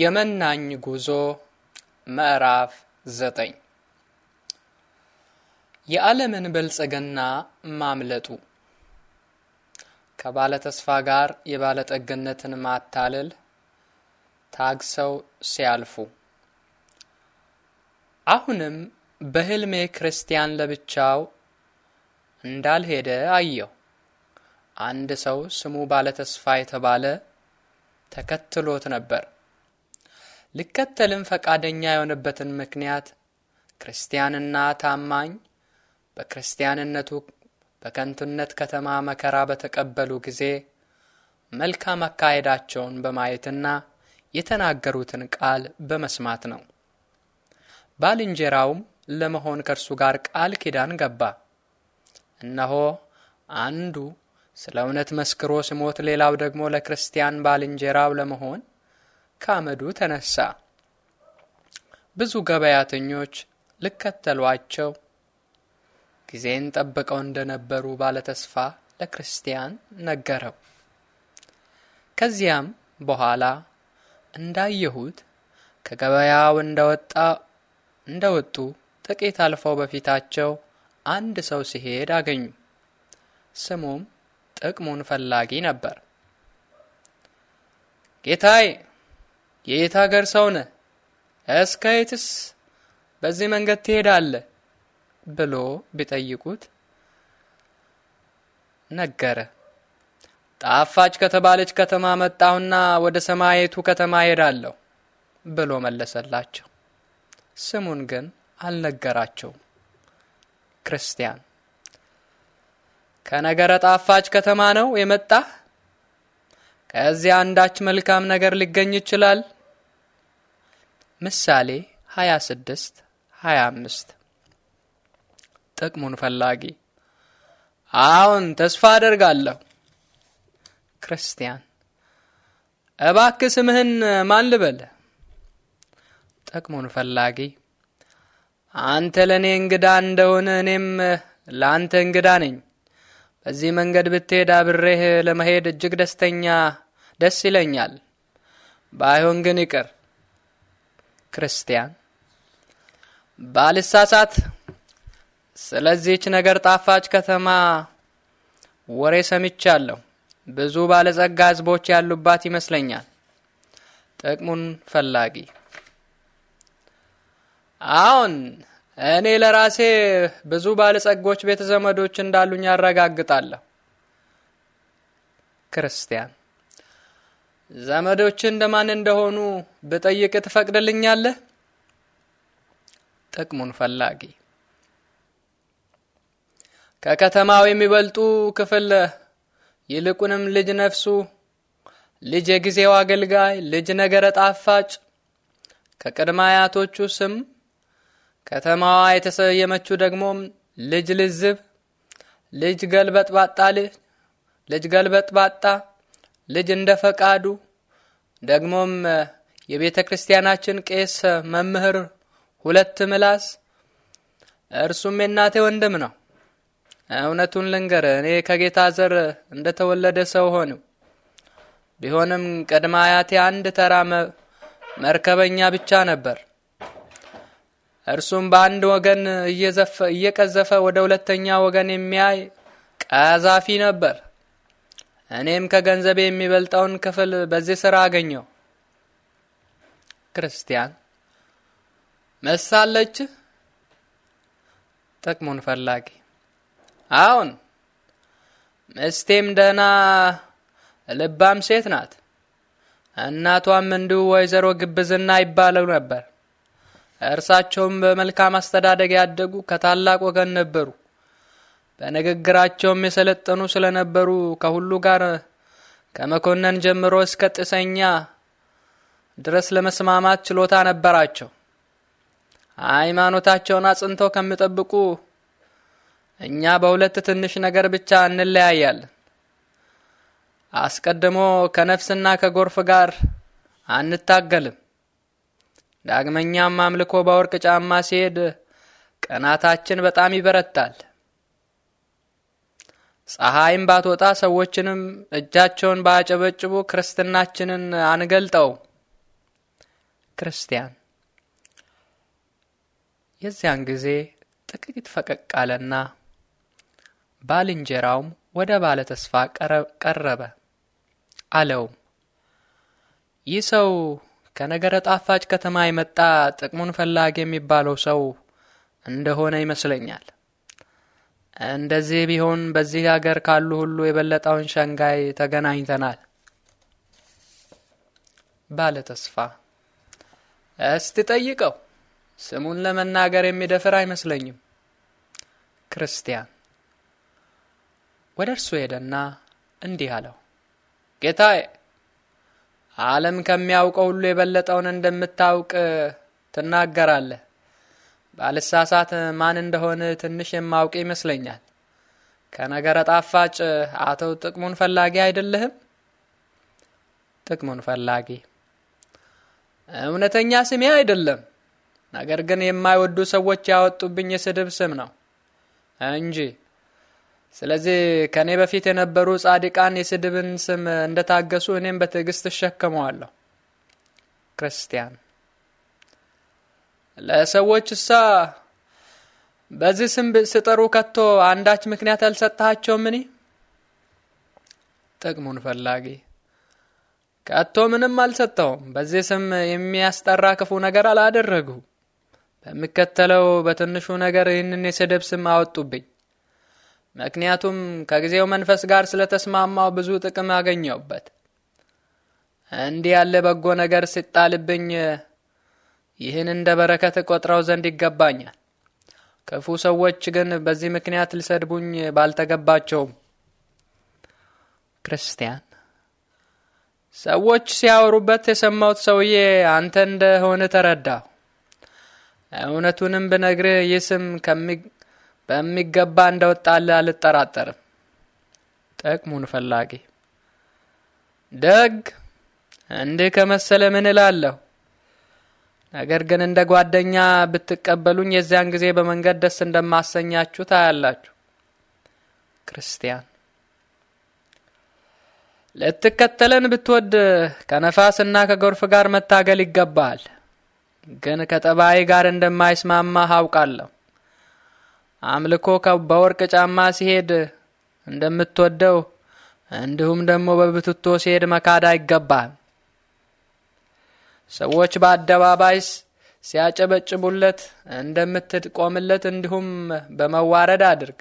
የመናኝ ጉዞ ምዕራፍ ዘጠኝ የዓለምን በልጽግና ማምለጡ ከባለተስፋ ጋር የባለጠግነትን ማታለል ታግሰው ሲያልፉ አሁንም በህልሜ ክርስቲያን ለብቻው እንዳልሄደ አየሁ። አንድ ሰው ስሙ ባለተስፋ የተባለ ተከትሎት ነበር። ልከተልም ፈቃደኛ የሆነበትን ምክንያት ክርስቲያንና ታማኝ በክርስቲያንነቱ በከንቱነት ከተማ መከራ በተቀበሉ ጊዜ መልካም አካሄዳቸውን በማየትና የተናገሩትን ቃል በመስማት ነው። ባልንጀራውም ለመሆን ከእርሱ ጋር ቃል ኪዳን ገባ። እነሆ አንዱ ስለ እውነት መስክሮ ሲሞት፣ ሌላው ደግሞ ለክርስቲያን ባልንጀራው ለመሆን ከአመዱ ተነሳ። ብዙ ገበያተኞች ልከተሏቸው ጊዜን ጠብቀው እንደነበሩ ባለተስፋ ለክርስቲያን ነገረው። ከዚያም በኋላ እንዳየሁት ከገበያው እንደወጣ እንደወጡ ጥቂት አልፈው በፊታቸው አንድ ሰው ሲሄድ አገኙ። ስሙም ጥቅሙን ፈላጊ ነበር። ጌታዬ የየት ሀገር ሰው ነህ? እስከ የትስ በዚህ መንገድ ትሄዳለህ? ብሎ ቢጠይቁት ነገረ። ጣፋጭ ከተባለች ከተማ መጣሁና ወደ ሰማየቱ ከተማ ሄዳለሁ ብሎ መለሰላቸው። ስሙን ግን አልነገራቸውም። ክርስቲያን ከነገረ ጣፋጭ ከተማ ነው የመጣህ? ከዚያ አንዳች መልካም ነገር ሊገኝ ይችላል ምሳሌ 26 25 ጥቅሙን ፈላጊ አሁን ተስፋ አደርጋለሁ። ክርስቲያን እባክ ስምህን ማን ልበል? ጥቅሙን ፈላጊ አንተ ለእኔ እንግዳ እንደሆነ እኔም ለአንተ እንግዳ ነኝ። በዚህ መንገድ ብትሄድ አብሬህ ለመሄድ እጅግ ደስተኛ ደስ ይለኛል። ባይሆን ግን ይቅር ክርስቲያን ባልሳሳት ስለዚህች ነገር ጣፋጭ ከተማ ወሬ ሰምቻለሁ። ብዙ ባለጸጋ ህዝቦች ያሉባት ይመስለኛል። ጥቅሙን ፈላጊ አሁን እኔ ለራሴ ብዙ ባለጸጎች ቤተ ዘመዶች እንዳሉኝ ያረጋግጣለሁ። ክርስቲያን ዘመዶች እንደማን እንደሆኑ ብጠይቅ ትፈቅድልኛለህ? ጥቅሙን ፈላጊ ከከተማው የሚበልጡ ክፍል ይልቁንም ልጅ ነፍሱ፣ ልጅ የጊዜው አገልጋይ፣ ልጅ ነገረ ጣፋጭ ከቅድመ አያቶቹ ስም ከተማዋ የተሰየመችው ደግሞ ልጅ ልዝብ፣ ልጅ ገልበጥ ባጣ ልጅ ገልበጥ ባጣ ልጅ እንደ ፈቃዱ ደግሞም የቤተ ክርስቲያናችን ቄስ መምህር ሁለት ምላስ እርሱም የእናቴ ወንድም ነው። እውነቱን ልንገር፣ እኔ ከጌታ ዘር እንደ ተወለደ ሰው ሆኑ ቢሆንም ቅድመ አያቴ አንድ ተራ መርከበኛ ብቻ ነበር። እርሱም በአንድ ወገን እየቀዘፈ ወደ ሁለተኛ ወገን የሚያይ ቀዛፊ ነበር። እኔም ከገንዘቤ የሚበልጠውን ክፍል በዚህ ሥራ አገኘው። ክርስቲያን መሳለች። ጥቅሙን ፈላጊ አሁን ምስቴም ደህና ልባም ሴት ናት። እናቷም እንዲሁ ወይዘሮ ግብዝና ይባለው ነበር። እርሳቸውም በመልካም አስተዳደግ ያደጉ ከታላቅ ወገን ነበሩ። በንግግራቸውም የሰለጠኑ ስለነበሩ ከሁሉ ጋር ከመኮንን ጀምሮ እስከ ጢሰኛ ድረስ ለመስማማት ችሎታ ነበራቸው። ሃይማኖታቸውን አጽንተው ከሚጠብቁ እኛ በሁለት ትንሽ ነገር ብቻ እንለያያለን። አስቀድሞ ከነፍስና ከጎርፍ ጋር አንታገልም። ዳግመኛም አምልኮ በወርቅ ጫማ ሲሄድ ቀናታችን በጣም ይበረታል። ፀሐይም ባትወጣ ሰዎችንም እጃቸውን ባያጨበጭቡ ክርስትናችንን አንገልጠው። ክርስቲያን የዚያን ጊዜ ጥቂት ፈቀቅ አለና ባልንጀራውም ወደ ባለ ተስፋ ቀረበ፣ አለው። ይህ ሰው ከነገረ ጣፋጭ ከተማ የመጣ ጥቅሙን ፈላጊ የሚባለው ሰው እንደሆነ ይመስለኛል። እንደዚህ ቢሆን በዚህ ሀገር ካሉ ሁሉ የበለጠውን ሸንጋይ ተገናኝተናል። ባለ ተስፋ እስቲ ጠይቀው። ስሙን ለመናገር የሚደፍር አይመስለኝም። ክርስቲያን ወደ እርሱ ሄደና እንዲህ አለው፣ ጌታዬ ዓለም ከሚያውቀው ሁሉ የበለጠውን እንደምታውቅ ትናገራለህ። ባልሳሳት ማን እንደሆነ ትንሽ የማውቅ ይመስለኛል። ከነገረ ጣፋጭ አቶ ጥቅሙን ፈላጊ አይደለህም? ጥቅሙን ፈላጊ እውነተኛ ስሜ አይደለም፣ ነገር ግን የማይወዱ ሰዎች ያወጡብኝ የስድብ ስም ነው እንጂ። ስለዚህ ከእኔ በፊት የነበሩ ጻድቃን የስድብን ስም እንደታገሱ እኔም በትዕግስት እሸከመዋለሁ። ክርስቲያን ለሰዎች እሳ በዚህ ስም ስጠሩ ከቶ አንዳች ምክንያት ምን ጥቅሙን ፈላጊ ከቶ ምንም አልሰጠውም። በዚህ ስም የሚያስጠራ ክፉ ነገር አላደረጉ። በሚከተለው በትንሹ ነገር ይህንን የስድብ ስም አወጡብኝ። ምክንያቱም ከጊዜው መንፈስ ጋር ስለተስማማው ብዙ ጥቅም አገኘውበት። እንዲህ ያለ በጎ ነገር ሲጣልብኝ ይህን እንደ በረከት ቆጥረው ዘንድ ይገባኛል። ክፉ ሰዎች ግን በዚህ ምክንያት ሊሰድቡኝ ባልተገባቸውም። ክርስቲያን ሰዎች ሲያወሩበት የሰማሁት ሰውዬ አንተ እንደሆነ ተረዳሁ። እውነቱንም ብነግርህ ይህ ስም በሚገባ እንደወጣልህ አልጠራጠርም። ጥቅሙን ፈላጊ ደግ እንዲህ ከመሰለ ምን እላለሁ? ነገር ግን እንደ ጓደኛ ብትቀበሉኝ የዚያን ጊዜ በመንገድ ደስ እንደማሰኛችሁ ታያላችሁ። ክርስቲያን ልትከተለን ብትወድ ከነፋስና ከጎርፍ ጋር መታገል ይገባል። ግን ከጠባይ ጋር እንደማይስማማ አውቃለሁ። አምልኮ በወርቅ ጫማ ሲሄድ እንደምትወደው እንዲሁም ደግሞ በብትቶ ሲሄድ መካድ አይገባም። ሰዎች በአደባባይ ሲያጨበጭቡለት እንደምትቆምለት እንዲሁም በመዋረድ አድርግ።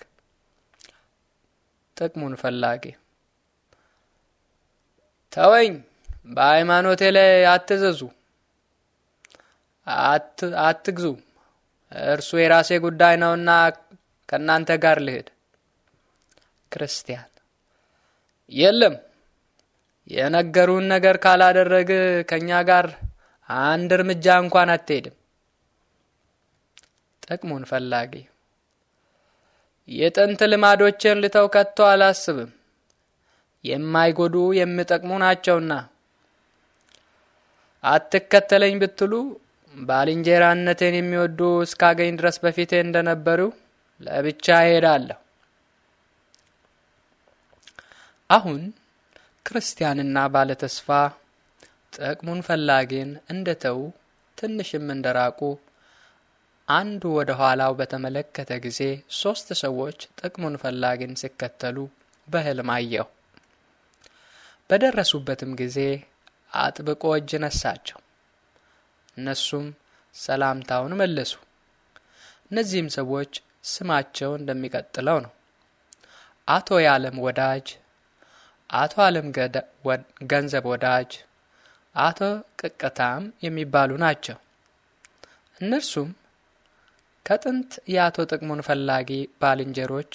ጥቅሙን ፈላጊ ተወኝ፣ በሃይማኖቴ ላይ አትዘዙ፣ አትግዙ፣ እርሱ የራሴ ጉዳይ ነውና ከእናንተ ጋር ልሄድ። ክርስቲያን የለም የነገሩን ነገር ካላደረግ ከእኛ ጋር አንድ እርምጃ እንኳን አትሄድም። ጥቅሙን ፈላጊ የጥንት ልማዶችን ልተው ከቶ አላስብም። የማይጎዱ የሚጠቅሙ ናቸውና አትከተለኝ ብትሉ ባልንጀራነቴን የሚወዱ እስካገኝ ድረስ በፊቴ እንደነበሩ ለብቻ እሄዳለሁ። አሁን ክርስቲያንና ባለተስፋ ጥቅሙን ፈላጊን እንደተዉ ትንሽም ራቁ አንዱ ወደ ኋላው በተመለከተ ጊዜ ሦስት ሰዎች ጥቅሙን ፈላጊን ሲከተሉ በሕልም አየሁ። በደረሱበትም ጊዜ አጥብቆ እጅ ነሳቸው፣ እነሱም ሰላምታውን መለሱ። እነዚህም ሰዎች ስማቸው እንደሚቀጥለው ነው። አቶ የዓለም ወዳጅ፣ አቶ ዓለም ገንዘብ ወዳጅ አቶ ቅቅታም የሚባሉ ናቸው። እነርሱም ከጥንት የአቶ ጥቅሙን ፈላጊ ባልንጀሮች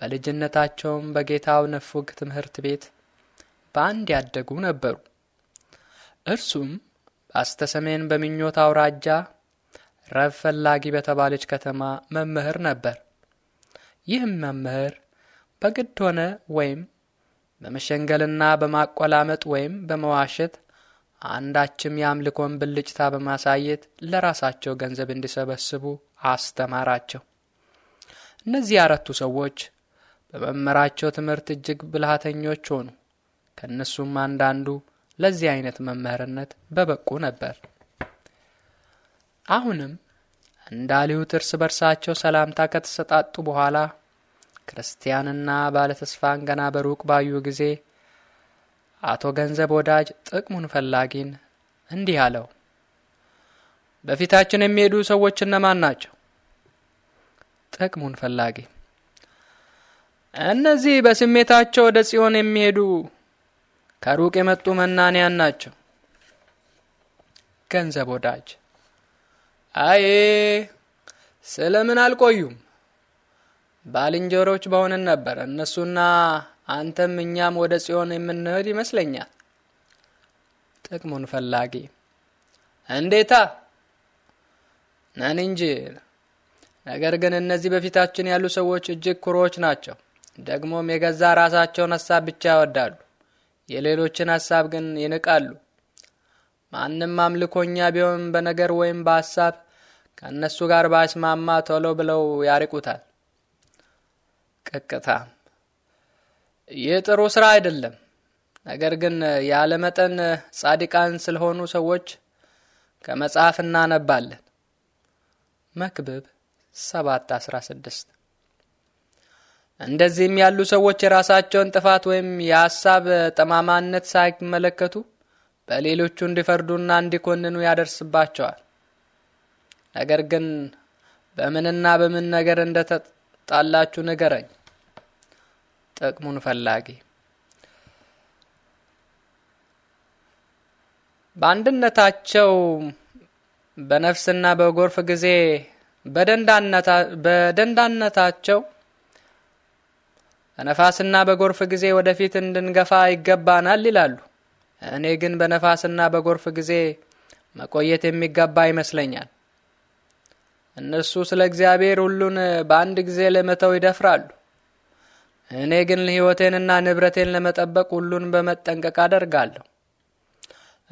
በልጅነታቸውም በጌታው ንፉግ ትምህርት ቤት በአንድ ያደጉ ነበሩ። እርሱም በስተሰሜን በምኞት አውራጃ ረብ ፈላጊ በተባለች ከተማ መምህር ነበር። ይህም መምህር በግድ ሆነ ወይም በመሸንገልና በማቆላመጥ ወይም በመዋሸት አንዳችም የአምልኮን ብልጭታ በማሳየት ለራሳቸው ገንዘብ እንዲሰበስቡ አስተማራቸው። እነዚህ አራቱ ሰዎች በመምህራቸው ትምህርት እጅግ ብልሃተኞች ሆኑ። ከእነሱም አንዳንዱ ለዚህ አይነት መምህርነት በበቁ ነበር። አሁንም እንዳልሁት እርስ በርሳቸው ሰላምታ ከተሰጣጡ በኋላ ክርስቲያንና ባለተስፋን ገና በሩቅ ባዩ ጊዜ አቶ ገንዘብ ወዳጅ ጥቅሙን ፈላጊን እንዲህ አለው፣ በፊታችን የሚሄዱ ሰዎች እነማን ናቸው? ጥቅሙን ፈላጊ እነዚህ በስሜታቸው ወደ ጽዮን የሚሄዱ ከሩቅ የመጡ መናንያን ናቸው። ገንዘብ ወዳጅ አይ ስለምን አልቆዩም? ባልንጀሮች በሆንን ነበር እነሱና አንተም እኛም ወደ ጽዮን የምንሄድ ይመስለኛል። ጥቅሙን ፈላጊ እንዴታ ነን እንጂ። ነገር ግን እነዚህ በፊታችን ያሉ ሰዎች እጅግ ኩሮዎች ናቸው። ደግሞም የገዛ ራሳቸውን ሀሳብ ብቻ ያወዳሉ፣ የሌሎችን ሀሳብ ግን ይንቃሉ። ማንም አምልኮኛ ቢሆን በነገር ወይም በሀሳብ ከእነሱ ጋር ባይስማማ ቶሎ ብለው ያርቁታል። ቅቅታ ይህ ጥሩ ስራ አይደለም። ነገር ግን ያለመጠን ጻድቃን ስለሆኑ ሰዎች ከመጽሐፍ እናነባለን። መክብብ 7:16 እንደዚህም ያሉ ሰዎች የራሳቸውን ጥፋት ወይም የሐሳብ ጠማማነት ሳይመለከቱ በሌሎቹ እንዲፈርዱና እንዲኮንኑ ያደርስባቸዋል። ነገር ግን በምንና በምን ነገር እንደተጣላችሁ ንገረኝ ጥቅሙን ፈላጊ በአንድነታቸው በነፍስና በጎርፍ ጊዜ በደንዳነታቸው በነፋስና በጎርፍ ጊዜ ወደፊት እንድንገፋ ይገባናል ይላሉ። እኔ ግን በነፋስና በጎርፍ ጊዜ መቆየት የሚገባ ይመስለኛል። እነሱ ስለ እግዚአብሔር ሁሉን በአንድ ጊዜ ለመተው ይደፍራሉ። እኔ ግን ሕይወቴንና ንብረቴን ለመጠበቅ ሁሉን በመጠንቀቅ አደርጋለሁ።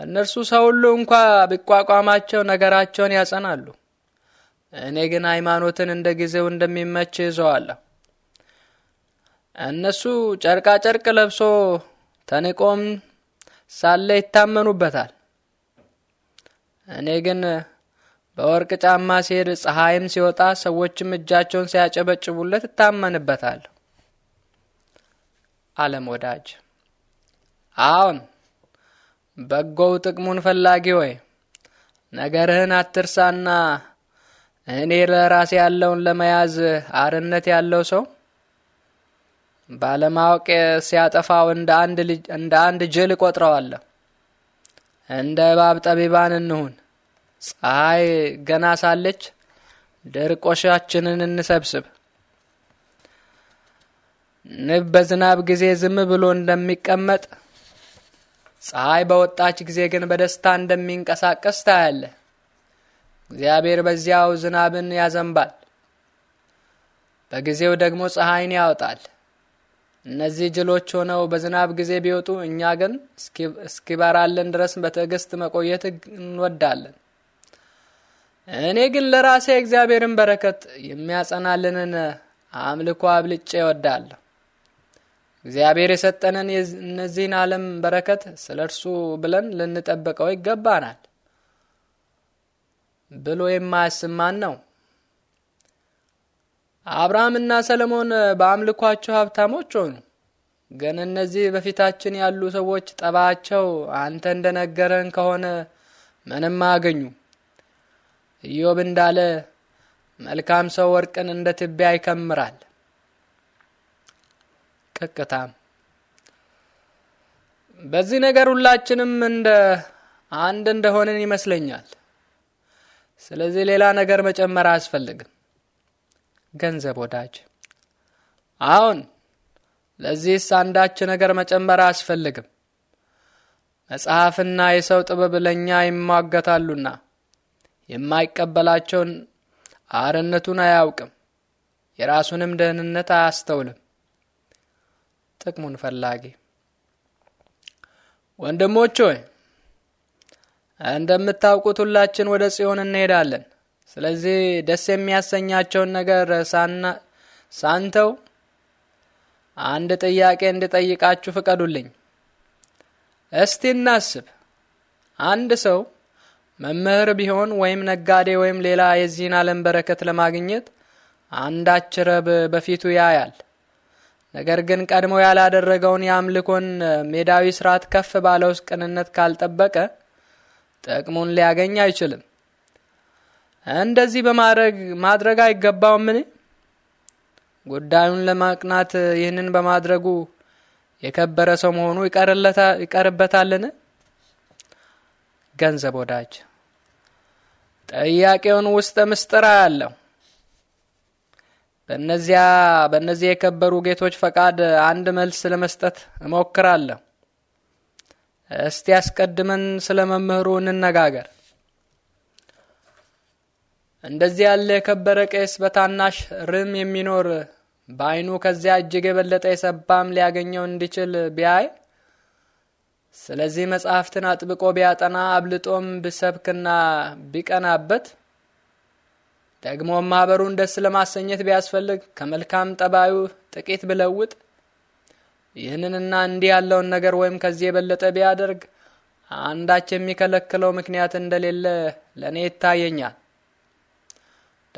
እነርሱ ሰው ሁሉ እንኳ ቢቋቋማቸው ነገራቸውን ያጸናሉ። እኔ ግን ሃይማኖትን እንደ ጊዜው እንደሚመች ይዘዋለሁ። እነሱ ጨርቃ ጨርቅ ለብሶ ተንቆም ሳለ ይታመኑበታል። እኔ ግን በወርቅ ጫማ ሲሄድ ፀሐይም ሲወጣ ሰዎችም እጃቸውን ሲያጨበጭቡለት እታመንበታለሁ። አለም ወዳጅ አሁን በጎው ጥቅሙን ፈላጊ ወይ! ነገርህን አትርሳና እኔ ለራሴ ያለውን ለመያዝ አርነት ያለው ሰው ባለማወቅ ሲያጠፋው እንደ አንድ ጅል እቆጥረዋለሁ። እንደ እባብ ጠቢባን እንሁን። ፀሐይ ገና ሳለች ድርቆሻችንን እንሰብስብ። ንብ በዝናብ ጊዜ ዝም ብሎ እንደሚቀመጥ ፀሐይ በወጣች ጊዜ ግን በደስታ እንደሚንቀሳቀስ ታያለ። እግዚአብሔር በዚያው ዝናብን ያዘንባል፣ በጊዜው ደግሞ ፀሐይን ያወጣል። እነዚህ ጅሎች ሆነው በዝናብ ጊዜ ቢወጡ፣ እኛ ግን እስኪበራልን ድረስ በትዕግስት መቆየት እንወዳለን። እኔ ግን ለራሴ እግዚአብሔርን በረከት የሚያጸናልንን አምልኮ አብልጬ እወዳለሁ። እግዚአብሔር የሰጠንን እነዚህን ዓለም በረከት ስለ እርሱ ብለን ልንጠብቀው ይገባናል ብሎ የማያስማን ነው። አብርሃምና ሰለሞን በአምልኳቸው ሀብታሞች ሆኑ። ግን እነዚህ በፊታችን ያሉ ሰዎች ጠባቸው አንተ እንደነገረን ከሆነ ምንም አገኙ። ኢዮብ እንዳለ መልካም ሰው ወርቅን እንደ ትቢያ ይከምራል። ቀቅታ በዚህ ነገር ሁላችንም እንደ አንድ እንደሆንን ይመስለኛል። ስለዚህ ሌላ ነገር መጨመር አያስፈልግም። ገንዘብ ወዳጅ፣ አሁን ለዚህስ አንዳች ነገር መጨመር አያስፈልግም። መጽሐፍና የሰው ጥበብ ለእኛ ይሟገታሉና የማይቀበላቸውን አርነቱን አያውቅም፣ የራሱንም ደህንነት አያስተውልም። ጥቅሙን ፈላጊ ወንድሞች ሆይ እንደምታውቁት ሁላችን ወደ ጽዮን እንሄዳለን። ስለዚህ ደስ የሚያሰኛቸውን ነገር ሳንተው አንድ ጥያቄ እንድጠይቃችሁ ፍቀዱልኝ። እስቲ እናስብ። አንድ ሰው መምህር ቢሆን ወይም ነጋዴ ወይም ሌላ የዚህን ዓለም በረከት ለማግኘት አንዳች ረብ በፊቱ ያያል። ነገር ግን ቀድሞ ያላደረገውን የአምልኮን ሜዳዊ ስርዓት ከፍ ባለ ውስጥ ቅንነት ካልጠበቀ ጥቅሙን ሊያገኝ አይችልም። እንደዚህ በማድረግ ማድረግ ምን ጉዳዩን ለማቅናት ይህንን በማድረጉ የከበረ ሰው መሆኑ ይቀርበታልን? ገንዘብ ወዳጅ ጥያቄውን ውስጥ ምስጢር አያለሁ። በእነዚያ በእነዚህ የከበሩ ጌቶች ፈቃድ አንድ መልስ ለመስጠት እሞክራለሁ። እስቲ አስቀድመን ስለ መምህሩ እንነጋገር። እንደዚህ ያለ የከበረ ቄስ በታናሽ ርም የሚኖር በዓይኑ ከዚያ እጅግ የበለጠ የሰባም ሊያገኘው እንዲችል ቢያይ ስለዚህ መጽሐፍትን አጥብቆ ቢያጠና አብልጦም ቢሰብክና ቢቀናበት ደግሞም ማህበሩን ደስ ለማሰኘት ቢያስፈልግ ከመልካም ጠባዩ ጥቂት ብለውጥ ይህንንና እንዲህ ያለውን ነገር ወይም ከዚህ የበለጠ ቢያደርግ አንዳች የሚከለክለው ምክንያት እንደሌለ ለእኔ ይታየኛል።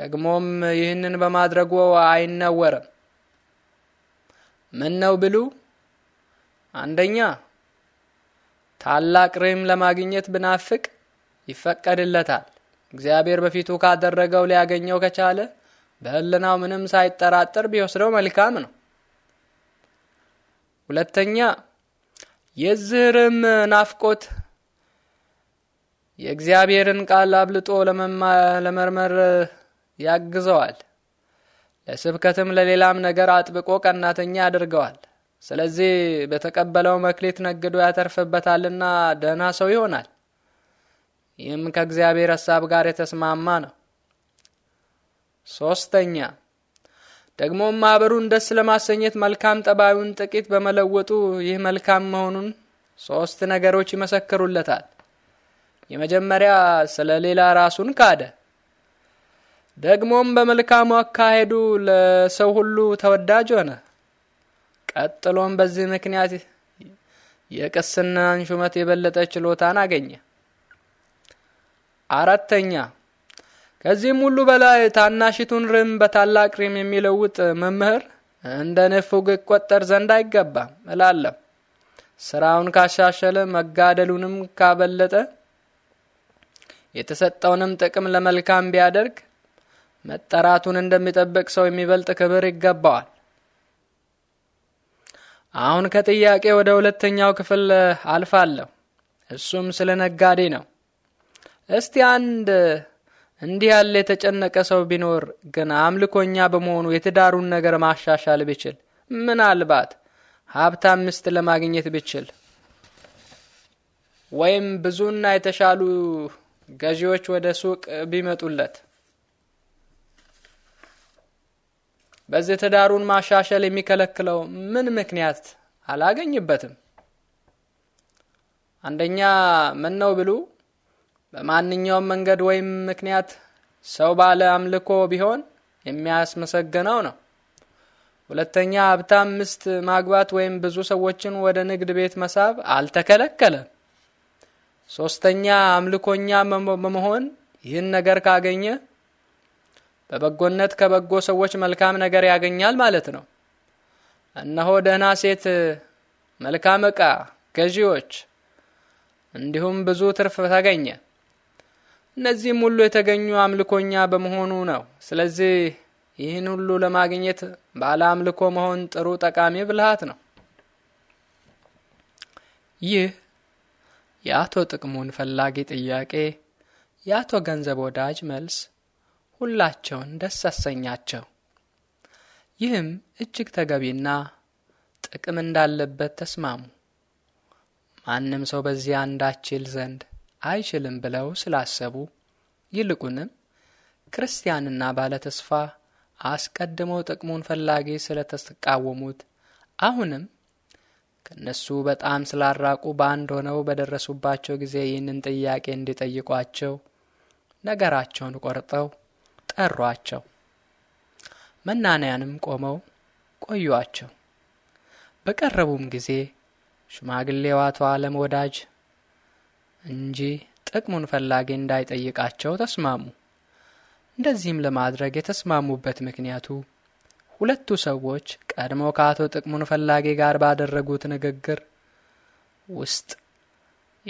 ደግሞም ይህንን በማድረጉ አይነወርም። ምን ነው ብሉ፣ አንደኛ ታላቅ ሬም ለማግኘት ብናፍቅ ይፈቀድለታል። እግዚአብሔር በፊቱ ካደረገው ሊያገኘው ከቻለ በህልናው ምንም ሳይጠራጠር ቢወስደው መልካም ነው። ሁለተኛ የዝህርም ናፍቆት የእግዚአብሔርን ቃል አብልጦ ለመርመር ያግዘዋል። ለስብከትም ለሌላም ነገር አጥብቆ ቀናተኛ ያደርገዋል። ስለዚህ በተቀበለው መክሊት ነግዶ ያተርፍበታልና ደህና ሰው ይሆናል። ይህም ከእግዚአብሔር ሀሳብ ጋር የተስማማ ነው። ሶስተኛ ደግሞም ማህበሩን ደስ ለማሰኘት መልካም ጠባዩን ጥቂት በመለወጡ ይህ መልካም መሆኑን ሶስት ነገሮች ይመሰክሩለታል። የመጀመሪያ ስለ ሌላ ራሱን ካደ። ደግሞም በመልካሙ አካሄዱ ለሰው ሁሉ ተወዳጅ ሆነ። ቀጥሎም በዚህ ምክንያት የቅስናን ሹመት የበለጠ ችሎታን አገኘ። አራተኛ ከዚህም ሁሉ በላይ ታናሽቱን ርም በታላቅ ሪም የሚለውጥ መምህር እንደ ንፉግ ይቆጠር ዘንድ አይገባም እላለሁ። ስራውን ካሻሸለ መጋደሉንም ካበለጠ የተሰጠውንም ጥቅም ለመልካም ቢያደርግ መጠራቱን እንደሚጠብቅ ሰው የሚበልጥ ክብር ይገባዋል። አሁን ከጥያቄ ወደ ሁለተኛው ክፍል አልፋለሁ። እሱም ስለ ነጋዴ ነው። እስቲ አንድ እንዲህ ያለ የተጨነቀ ሰው ቢኖር ግን አምልኮኛ በመሆኑ የትዳሩን ነገር ማሻሻል ብችል ምናልባት ሀብታም ሚስት ለማግኘት ብችል? ወይም ብዙና የተሻሉ ገዢዎች ወደ ሱቅ ቢመጡለት በዚህ ትዳሩን ማሻሻል የሚከለክለው ምን ምክንያት አላገኝበትም? አንደኛ ምን ነው ብሉ በማንኛውም መንገድ ወይም ምክንያት ሰው ባለ አምልኮ ቢሆን የሚያስመሰገነው ነው። ሁለተኛ ሀብታም ሚስት ማግባት ወይም ብዙ ሰዎችን ወደ ንግድ ቤት መሳብ አልተከለከለም። ሶስተኛ አምልኮኛ በመሆን ይህን ነገር ካገኘ በበጎነት ከበጎ ሰዎች መልካም ነገር ያገኛል ማለት ነው። እነሆ ደህና ሴት፣ መልካም ዕቃ ገዢዎች፣ እንዲሁም ብዙ ትርፍ ተገኘ። እነዚህም ሁሉ የተገኙ አምልኮኛ በመሆኑ ነው። ስለዚህ ይህን ሁሉ ለማግኘት ባለ አምልኮ መሆን ጥሩ ጠቃሚ ብልሃት ነው። ይህ የአቶ ጥቅሙን ፈላጊ ጥያቄ የአቶ ገንዘብ ወዳጅ መልስ ሁላቸውን ደስ አሰኛቸው። ይህም እጅግ ተገቢና ጥቅም እንዳለበት ተስማሙ። ማንም ሰው በዚያ አንዳች ይል ዘንድ አይችልም ብለው ስላሰቡ ይልቁንም ክርስቲያንና ባለተስፋ አስቀድመው ጥቅሙን ፈላጊ ስለተቃወሙት አሁንም ከእነሱ በጣም ስላራቁ በአንድ ሆነው በደረሱባቸው ጊዜ ይህንን ጥያቄ እንዲጠይቋቸው ነገራቸውን ቆርጠው ጠሯቸው። መናንያንም ቆመው ቆዩአቸው። በቀረቡም ጊዜ ሽማግሌው አቶ ዓለም ወዳጅ እንጂ ጥቅሙን ፈላጊ እንዳይጠይቃቸው ተስማሙ። እንደዚህም ለማድረግ የተስማሙበት ምክንያቱ ሁለቱ ሰዎች ቀድሞ ከአቶ ጥቅሙን ፈላጊ ጋር ባደረጉት ንግግር ውስጥ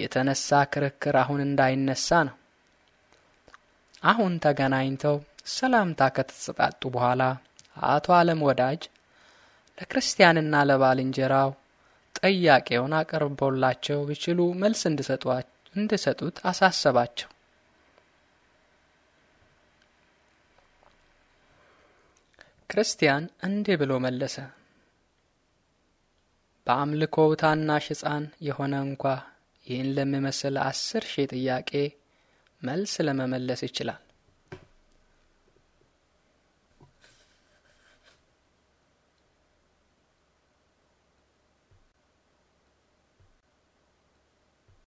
የተነሳ ክርክር አሁን እንዳይነሳ ነው። አሁን ተገናኝተው ሰላምታ ከተሰጣጡ በኋላ አቶ አለም ወዳጅ ለክርስቲያንና ለባልንጀራው ጥያቄውን አቅርቦላቸው ቢችሉ መልስ እንዲሰጧቸው እንዲሰጡት አሳሰባቸው። ክርስቲያን እንዲህ ብሎ መለሰ፣ በአምልኮው ታናሽ ሕፃን የሆነ እንኳ ይህን ለሚመስል አስር ሺህ ጥያቄ መልስ ለመመለስ ይችላል።